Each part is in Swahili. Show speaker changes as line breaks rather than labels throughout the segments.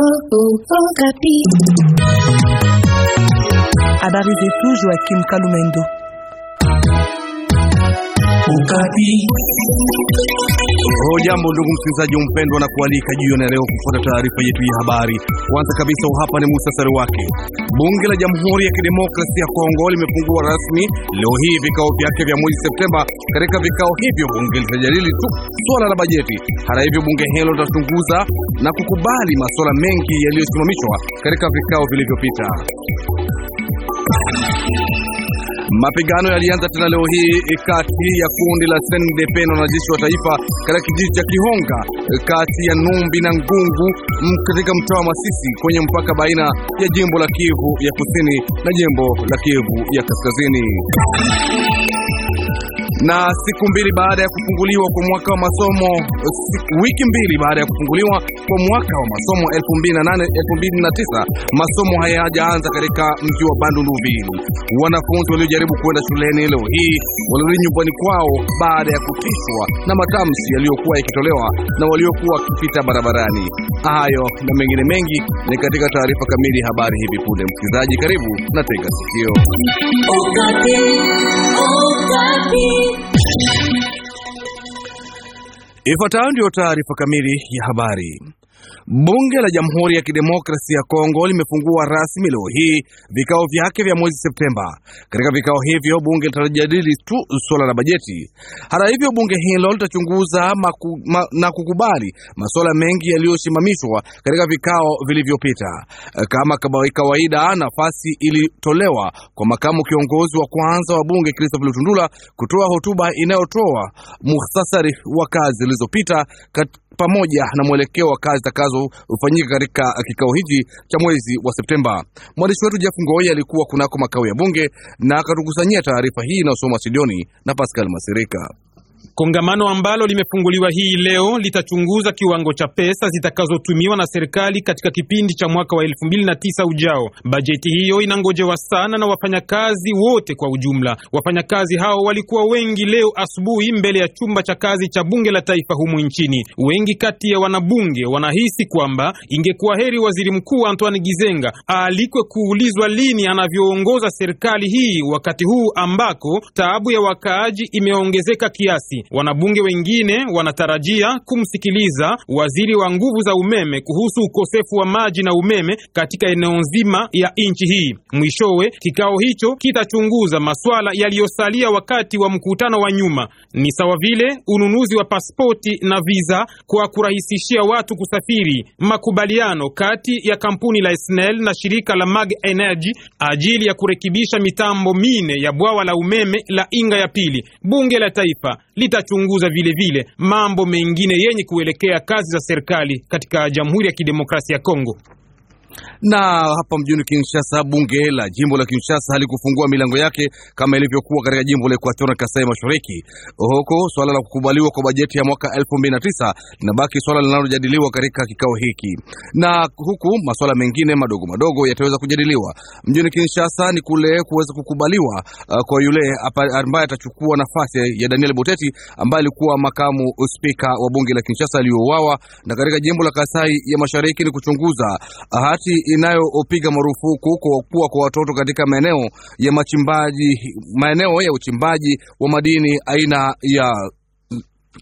oh, oh, oh, Capi. À tudo Joaquim Calumendo.
jambo ndugu msikilizaji mpendwa, na kualika juu na leo kufuata taarifa yetu ya habari. Kwanza kabisa, hapa ni muhtasari wake. Bunge la Jamhuri ya Kidemokrasia ya Kongo limefungua rasmi leo hii vikao vyake vya mwezi Septemba. Katika vikao hivyo, bunge litajadili tu swala la bajeti. Hata hivyo, bunge hilo litachunguza na kukubali masuala mengi yaliyosimamishwa katika vikao vilivyopita. Mapigano yalianza tena leo hii e, kati ya kundi la SNDP na wanajeshi wa taifa katika kijiji cha Kihonga e, kati ya Numbi na Ngungu katika mtaa wa Masisi kwenye mpaka baina ya jimbo la Kivu ya Kusini na jimbo la Kivu ya Kaskazini na siku mbili baada ya kufunguliwa kwa mwaka wa masomo, wiki mbili baada ya kufunguliwa kwa mwaka wa masomo 2008-2009 masomo hayajaanza katika mji wa Bandundu-Vili. Wanafunzi waliojaribu kuenda shuleni leo hii walirudi nyumbani kwao baada ya kutishwa na matamshi yaliyokuwa yakitolewa na waliokuwa wakipita barabarani. Hayo na mengine mengi ni katika taarifa kamili habari hivi punde. Msikilizaji, karibu na tega sikio. Ifuatayo ndiyo taarifa kamili ya habari. Bunge la Jamhuri ya Kidemokrasia ya Kongo limefungua rasmi leo hii vikao vyake vya mwezi Septemba. Katika vikao hivyo bunge litajadili tu suala la bajeti. Hata hivyo, bunge hilo litachunguza maku, ma, na kukubali masuala mengi yaliyosimamishwa katika vikao vilivyopita. Kama kawaida, nafasi ilitolewa kwa makamu kiongozi wa kwanza wa bunge Christophe Lutundula kutoa hotuba inayotoa muhtasari wa kazi zilizopita pamoja na mwelekeo wa kazi zitakazofanyika katika kikao hiki cha mwezi wa Septemba. Mwandishi wetu Jeff Ngoi alikuwa kunako makao ya bunge na akatukusanyia taarifa hii inayosoma Sidoni na Pascal Masirika.
Kongamano ambalo limefunguliwa hii leo litachunguza kiwango cha pesa zitakazotumiwa na serikali katika kipindi cha mwaka wa 2009 ujao. Bajeti hiyo inangojewa sana na wafanyakazi wote kwa ujumla. Wafanyakazi hao walikuwa wengi leo asubuhi mbele ya chumba cha kazi cha bunge la taifa humu nchini. Wengi kati ya wanabunge wanahisi kwamba ingekuwa heri waziri mkuu Antoine Gizenga aalikwe kuulizwa lini anavyoongoza serikali hii wakati huu ambako taabu ya wakaaji imeongezeka kiasi. Wanabunge wengine wanatarajia kumsikiliza waziri wa nguvu za umeme kuhusu ukosefu wa maji na umeme katika eneo nzima ya nchi hii. Mwishowe, kikao hicho kitachunguza masuala yaliyosalia wakati wa mkutano wa nyuma, ni sawa vile ununuzi wa pasipoti na visa kwa kurahisishia watu kusafiri, makubaliano kati ya kampuni la SNEL na shirika la Mag Energy ajili ya kurekebisha mitambo mine ya bwawa la umeme la Inga ya pili. Bunge la Taifa litachunguza vile vile mambo mengine yenye kuelekea kazi za serikali katika Jamhuri ya Kidemokrasia ya Kongo.
Na hapa mjini Kinshasa, bunge la jimbo la Kinshasa halikufungua milango yake kama ilivyokuwa katika jimbo la Equateur na Kasai Mashariki. Huko swala la kukubaliwa kwa bajeti ya mwaka 2009 linabaki swala linalojadiliwa katika kikao hiki, na huku masuala mengine madogo madogo yataweza kujadiliwa mjini Kinshasa ni kule kuweza kukubaliwa uh, kwa yule ambaye atachukua nafasi ya Daniel Boteti ambaye alikuwa makamu spika wa bunge la Kinshasa aliyouawa, na katika jimbo la Kasai ya Mashariki ni kuchunguza uh, hati inayopiga marufuku kuwa kwa watoto katika maeneo ya machimbaji, maeneo ya uchimbaji wa madini aina ya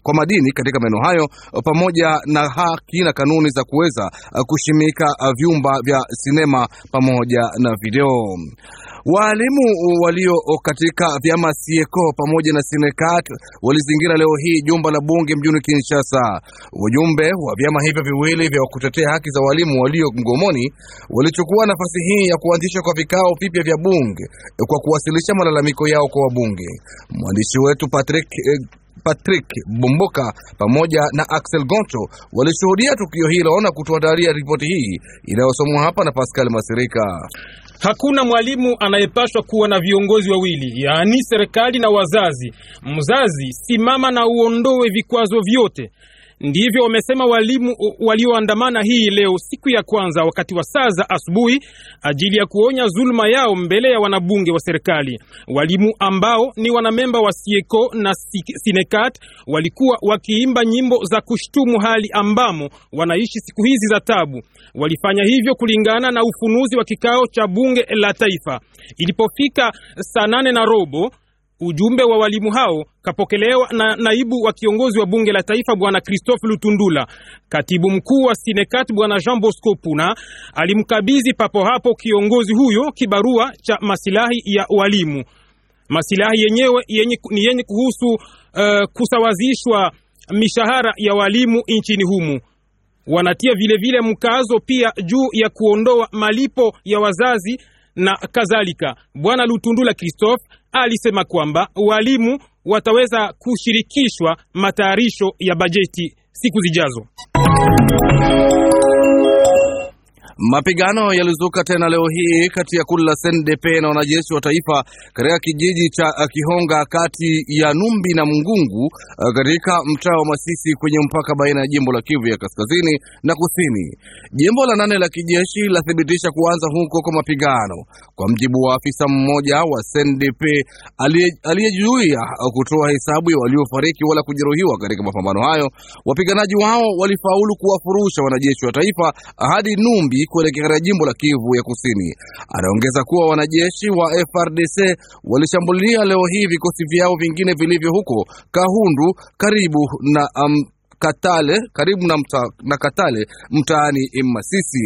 kwa madini katika maeneo hayo pamoja na haki na kanuni za kuweza kushimika uh, vyumba vya sinema pamoja na video. Waalimu walio katika vyama Sieko pamoja na Sinekat walizingira leo hii jumba la bunge mjini Kinshasa. Wajumbe wa vyama hivyo viwili vya kutetea haki za walimu walio mgomoni walichukua nafasi hii ya kuanzisha kwa vikao vipya vya bunge kwa kuwasilisha malalamiko yao kwa wabunge. Mwandishi wetu Patrick eh, Patrick Bomboka pamoja na Axel Goncho walishuhudia tukio hilo na kutuandalia ripoti
hii inayosomwa hapa na Pascal Masirika. Hakuna mwalimu anayepashwa kuwa na viongozi wawili, yaani serikali na wazazi. Mzazi, simama na uondoe vikwazo vyote. Ndivyo wamesema walimu walioandamana hii leo siku ya kwanza wakati wa saa za asubuhi ajili ya kuonya zuluma yao mbele ya wanabunge wa serikali. Walimu ambao ni wanamemba wa Sieko na Sinekat walikuwa wakiimba nyimbo za kushtumu hali ambamo wanaishi siku hizi za tabu. Walifanya hivyo kulingana na ufunuzi wa kikao cha bunge la taifa. Ilipofika saa nane na robo Ujumbe wa walimu hao kapokelewa na naibu wa kiongozi wa bunge la taifa bwana Christophe Lutundula. Katibu mkuu wa Sinekat bwana Jean Bosco Puna alimkabidhi papo hapo kiongozi huyo kibarua cha masilahi ya walimu. Masilahi yenyewe yenye, ni yenye kuhusu uh, kusawazishwa mishahara ya walimu nchini humu. Wanatia vilevile vile mkazo pia juu ya kuondoa malipo ya wazazi na kadhalika. Bwana Lutundula Christophe alisema kwamba walimu wataweza kushirikishwa matayarisho ya bajeti siku zijazo.
Mapigano yalizuka tena leo hii kati ya kundi la SNDP na wanajeshi wa taifa katika kijiji cha Kihonga kati ya Numbi na Mungungu eh, katika mtaa wa Masisi kwenye mpaka baina ya jimbo la Kivu ya kaskazini na kusini. Jimbo la nane la kijeshi lathibitisha kuanza huko kwa mapigano, kwa mjibu wa afisa mmoja wa SNDP aliyejuia kutoa hesabu ya waliofariki wala kujeruhiwa katika mapambano hayo. Wapiganaji wao walifaulu kuwafurusha wanajeshi wa taifa hadi Numbi kuelekea katika jimbo la Kivu ya Kusini. Anaongeza kuwa wanajeshi wa FRDC walishambulia leo hii vikosi vyao vingine vilivyo huko Kahundu karibu na um, Katale karibu na, mta, na Katale mtaani Masisi.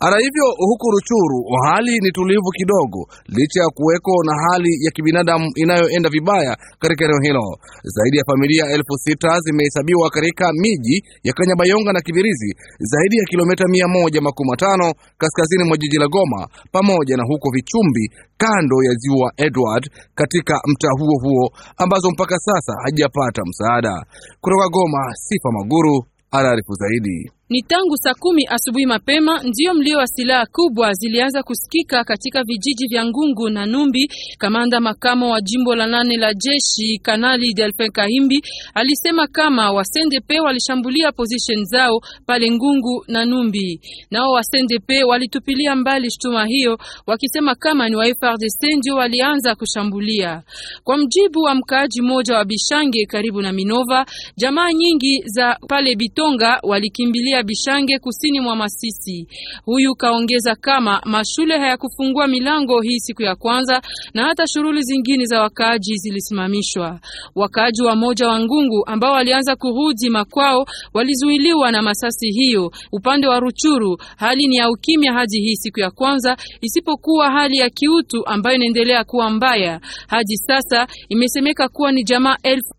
Hata hivyo, huku Ruchuru hali ni tulivu kidogo, licha ya kuweko na hali ya kibinadamu inayoenda vibaya katika eneo hilo. Zaidi ya familia elfu sita zimehesabiwa katika miji ya Kanyabayonga na Kibirizi, zaidi ya kilomita mia moja makumi matano kaskazini mwa jiji la Goma, pamoja na huko Vichumbi kando ya ziwa Edward katika mtaa huo huo ambazo mpaka sasa hajapata msaada kutoka Goma si Taifa Maguru anaarifu zaidi.
Ni tangu saa kumi asubuhi mapema ndio mlio wa silaha kubwa zilianza kusikika katika vijiji vya Ngungu na Numbi. Kamanda makamo wa jimbo la nane la jeshi Kanali Delphin Kahimbi alisema kama wasendepe walishambulia position zao pale Ngungu na Numbi. Nao wasendepe walitupilia mbali shutuma hiyo, wakisema kama ni wa FARDC ndio walianza kushambulia. Kwa mjibu wa mkaaji mmoja wa Bishange karibu na Minova, jamaa nyingi za pale Bitonga walikimbilia ya Bishange kusini mwa Masisi. Huyu kaongeza kama mashule hayakufungua milango hii siku ya kwanza na hata shughuli zingine za wakaaji zilisimamishwa. Wakaaji wa moja wa Ngungu ambao walianza kurudi makwao walizuiliwa na masasi hiyo. Upande wa Ruchuru hali ni ya ukimya hadi hii siku ya kwanza, isipokuwa hali ya kiutu ambayo inaendelea kuwa mbaya hadi sasa. Imesemeka kuwa ni jamaa elfu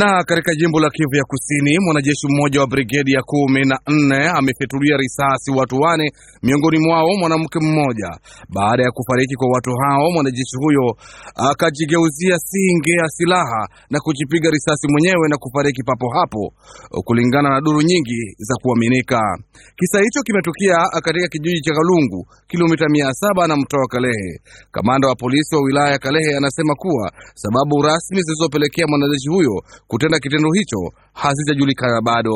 na katika jimbo la Kivu ya Kusini, mwanajeshi mmoja wa brigedi ya kumi na nne amefyatulia risasi watu wane, miongoni mwao mwanamke mmoja. Baada ya kufariki kwa watu hao, mwanajeshi huyo akajigeuzia singe ya silaha na kujipiga risasi mwenyewe na kufariki papo hapo, kulingana na duru nyingi za kuaminika. Kisa hicho kimetukia katika kijiji cha Kalungu, kilomita mia saba na mtoa Kalehe. Kamanda wa polisi wa wilaya ya Kalehe anasema kuwa sababu rasmi zilizopelekea mwanajeshi huyo kutenda kitendo hicho hazijajulikana bado.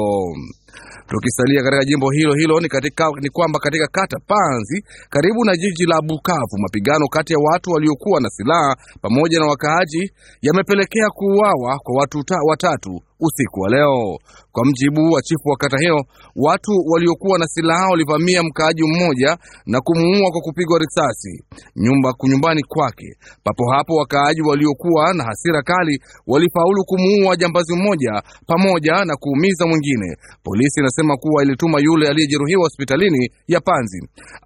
Tukisalia katika jimbo hilo hilo ni, katika, ni kwamba katika kata Panzi karibu na jiji la Bukavu, mapigano kati ya watu waliokuwa na silaha pamoja na wakaaji yamepelekea kuuawa kwa watu ta, watatu usiku wa leo. Kwa mjibu wa chifu wa kata hiyo, watu waliokuwa na silaha walivamia mkaaji mmoja na kumuua kwa kupigwa risasi nyumba kunyumbani kwake. Papo hapo, wakaaji waliokuwa na hasira kali walifaulu kumuua jambazi mmoja pamoja na kuumiza mwingine. Polisi inasema kuwa ilituma yule aliyejeruhiwa hospitalini ya Panzi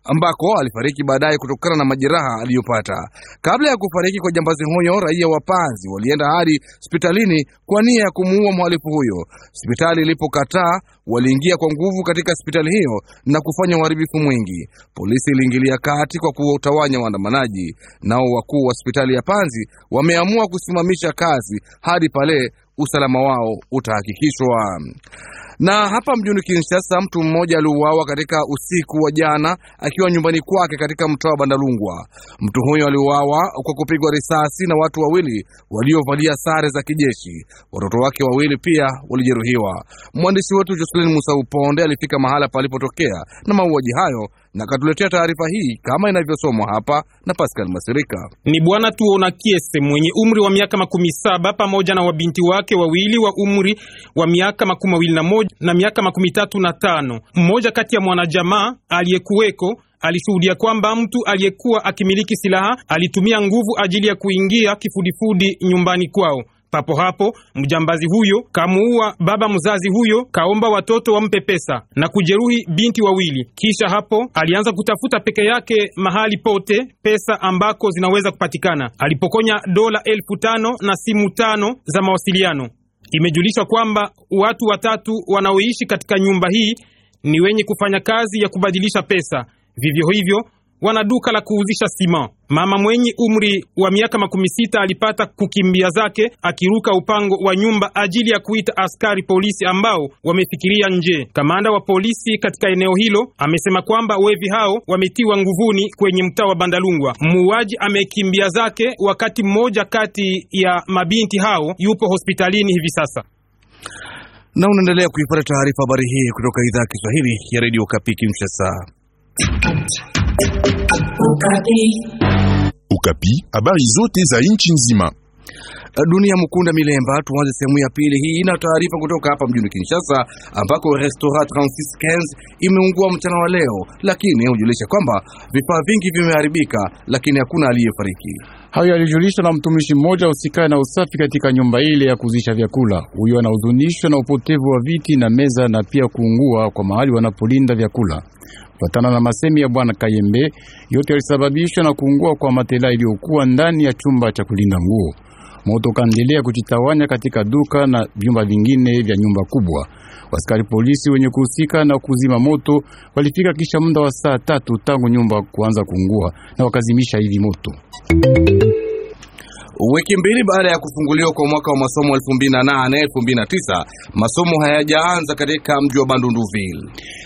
ambako alifariki baadaye kutokana na majeraha aliyopata. Kabla ya kufariki kwa jambazi huyo, raia wa Panzi walienda hadi hospitalini kwa nia ya kumuua mhalifu huyo. Hospitali serikali ilipokataa, waliingia kwa nguvu katika hospitali hiyo na kufanya uharibifu mwingi. Polisi iliingilia kati kwa kuwatawanya waandamanaji. Nao wakuu wa hospitali ya Panzi wameamua kusimamisha kazi hadi pale usalama wao utahakikishwa. Na hapa mjini Kinshasa, mtu mmoja aliuawa katika usiku wa jana akiwa nyumbani kwake katika mtaa wa Bandalungwa. Mtu huyo aliuawa kwa kupigwa risasi na watu wawili waliovalia sare za kijeshi. Watoto wake wawili pia walijeruhiwa. Mwandishi wetu Jocelyn Musa Uponde alifika mahala palipotokea na mauaji hayo na katuletea taarifa hii kama inavyosomwa hapa na
Pascal Masirika. Ni bwana Tuona Kiese mwenye umri wa miaka makumi saba pamoja na wabinti wake wawili wa umri wa miaka makumi mawili na moja na miaka makumi tatu na tano. Mmoja kati ya mwanajamaa aliyekuweko alishuhudia kwamba mtu aliyekuwa akimiliki silaha alitumia nguvu ajili ya kuingia kifudifudi nyumbani kwao. Papo hapo mjambazi huyo kamuua baba mzazi huyo, kaomba watoto wampe pesa na kujeruhi binti wawili. Kisha hapo alianza kutafuta peke yake mahali pote pesa ambako zinaweza kupatikana. Alipokonya dola elfu tano na simu tano za mawasiliano. Imejulishwa kwamba watu watatu wanaoishi katika nyumba hii ni wenye kufanya kazi ya kubadilisha pesa. Vivyo hivyo wana duka la kuuzisha sima. Mama mwenye umri wa miaka makumi sita alipata kukimbia zake akiruka upango wa nyumba ajili ya kuita askari polisi ambao wamefikiria nje. Kamanda wa polisi katika eneo hilo amesema kwamba wevi hao wametiwa nguvuni kwenye mtaa wa Bandalungwa. Muuaji amekimbia zake, wakati mmoja kati ya mabinti hao yupo hospitalini hivi sasa
na unaendelea kuipata taarifa habari hii kutoka idhaa ya Kiswahili ya redio Kapi Kinshasa. Ukapi, habari zote za nchi nzima. Dunia Mukunda Milemba. Tuanze sehemu ya pili hii ina taarifa kutoka hapa mjini Kinshasa, ambako restaurant 3615 imeungua mchana wa leo, lakini hujulisha kwamba vifaa vingi vimeharibika, lakini hakuna aliyefariki. Hayo yalijulishwa na mtumishi mmoja usikae na usafi katika nyumba ile ya kuzisha vyakula. Huyo anahuzunishwa na upotevu wa viti na meza na pia kuungua kwa mahali wanapolinda vyakula. Kufuatana na masemi ya bwana Kayembe, yote yalisababishwa na kuungua kwa matela iliyokuwa ndani ya chumba cha kulinda nguo. Moto kaendelea kujitawanya katika duka na vyumba vingine vya nyumba kubwa. Waskari polisi wenye kuhusika na kuzima moto walifika kisha muda wa saa tatu tangu nyumba kuanza kuungua na wakazimisha hivi moto. Wiki mbili baada ya kufunguliwa kwa mwaka wa masomo 2008-2009 masomo hayajaanza katika mji wa Bandunduville.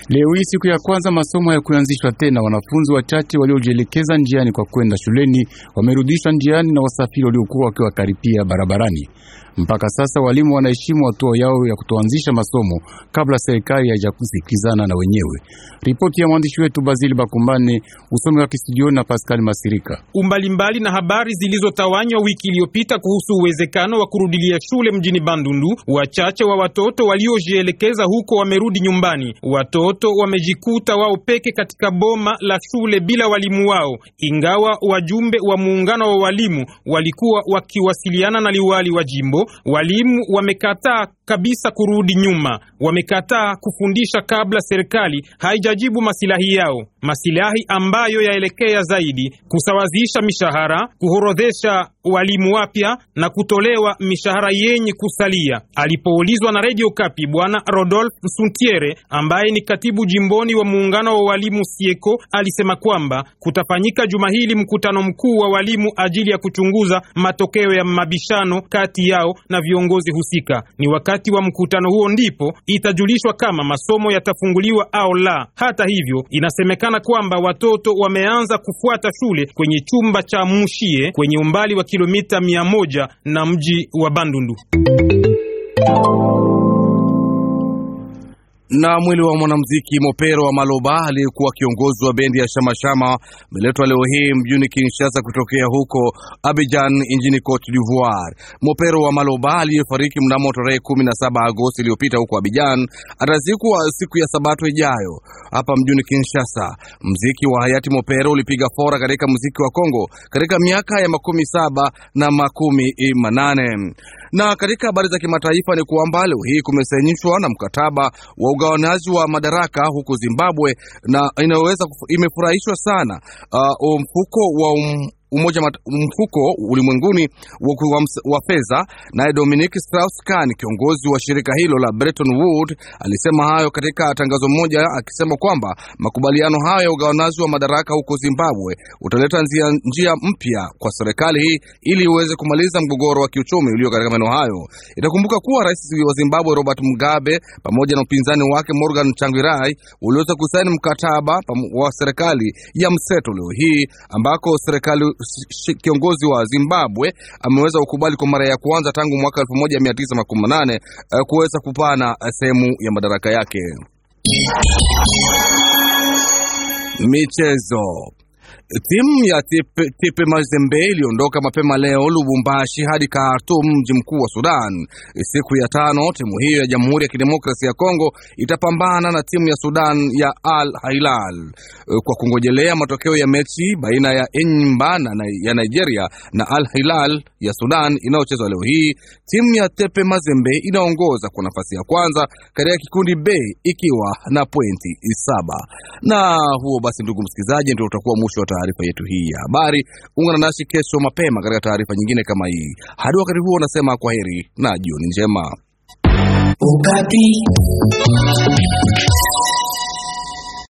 Leo hii siku ya kwanza masomo ya kuanzishwa tena, wanafunzi wachache waliojielekeza njiani kwa kwenda shuleni wamerudishwa njiani na wasafiri waliokuwa wakiwakaripia barabarani. Mpaka sasa walimu wanaheshimu hatua yao ya kutoanzisha masomo kabla serikali haijakusikizana na wenyewe. Ripoti ya mwandishi wetu Bazili Bakumbane, usomi wa kistudioni na Pascal Masirika.
Umbali mbali na habari zilizotawanywa wiki iliyopita kuhusu uwezekano wa kurudilia shule mjini Bandundu, wachache wa watoto waliojielekeza huko wamerudi nyumbani. Watoto wamejikuta wao peke katika boma la shule bila walimu wao, ingawa wajumbe wa muungano wa walimu walikuwa wakiwasiliana na liwali wa jimbo walimu wamekataa kabisa kurudi nyuma. Wamekataa kufundisha kabla serikali haijajibu masilahi yao, masilahi ambayo yaelekea zaidi kusawazisha mishahara, kuhorodhesha walimu wapya na kutolewa mishahara yenye kusalia. Alipoulizwa na Radio Kapi, bwana Rodolphe Msuntiere ambaye ni katibu jimboni wa muungano wa walimu Sieko alisema kwamba kutafanyika juma hili mkutano mkuu wa walimu ajili ya kuchunguza matokeo ya mabishano kati yao na viongozi husika. Ni wakati Wakati wa mkutano huo ndipo itajulishwa kama masomo yatafunguliwa au la. Hata hivyo, inasemekana kwamba watoto wameanza kufuata shule kwenye chumba cha Mushie kwenye umbali wa kilomita mia moja na mji wa Bandundu na mwili wa mwanamuziki
Mopero wa Maloba aliyekuwa kiongozi wa bendi ya Shamashama umeletwa leo hii mjini Kinshasa kutokea huko Abidjan nchini Cote d'Ivoire. Mopero wa Maloba aliyefariki mnamo tarehe 17 Agosti iliyopita huko Abidjan atazikwa siku ya Sabato ijayo hapa mjini Kinshasa. Mziki wa hayati Mopero ulipiga fora katika muziki wa Kongo katika miaka ya makumi saba na makumi manane. Na katika habari za kimataifa ni kwamba leo hii kumesainishwa na mkataba wa ugawanaji wa madaraka huko Zimbabwe, na inayoweza imefurahishwa sana uh, mfuko wa um, umoja mfuko ulimwenguni wa fedha. Naye Dominic Strauss-Kahn, kiongozi wa shirika hilo la Bretton Woods, alisema hayo katika tangazo moja, akisema kwamba makubaliano hayo ya ugawanaji wa madaraka huko Zimbabwe utaleta njia, njia mpya kwa serikali hii ili iweze kumaliza mgogoro wa kiuchumi ulio katika maeneo hayo. Itakumbuka kuwa rais wa Zimbabwe Robert Mugabe pamoja na upinzani wake Morgan Tsvangirai uliweza kusaini mkataba wa serikali ya mseto leo hii ambako serikali kiongozi wa Zimbabwe ameweza kukubali kwa mara ya kwanza tangu mwaka 1918 eh, kuweza kupana eh, sehemu ya madaraka yake. Michezo. Timu ya TP Mazembe iliondoka mapema leo Lubumbashi hadi Khartoum, mji mkuu wa Sudan. Siku ya tano timu hiyo ya Jamhuri ya Kidemokrasia ya Kongo itapambana na timu ya Sudan ya Al Hilal kwa kungojelea matokeo ya mechi baina ya Enyimba ya Nigeria na Al Hilal ya Sudan inayochezwa leo hii. Timu ya TP Mazembe inaongoza kwa nafasi ya kwanza katika kikundi B ikiwa na pointi saba. Na huo basi, ndugu msikilizaji, ndio utakuwa mwisho wa taarifa yetu hii ya habari. Ungana nasi kesho mapema katika taarifa nyingine kama hii. Hadi wakati huo, unasema kwa heri na jioni
njema. Ukati.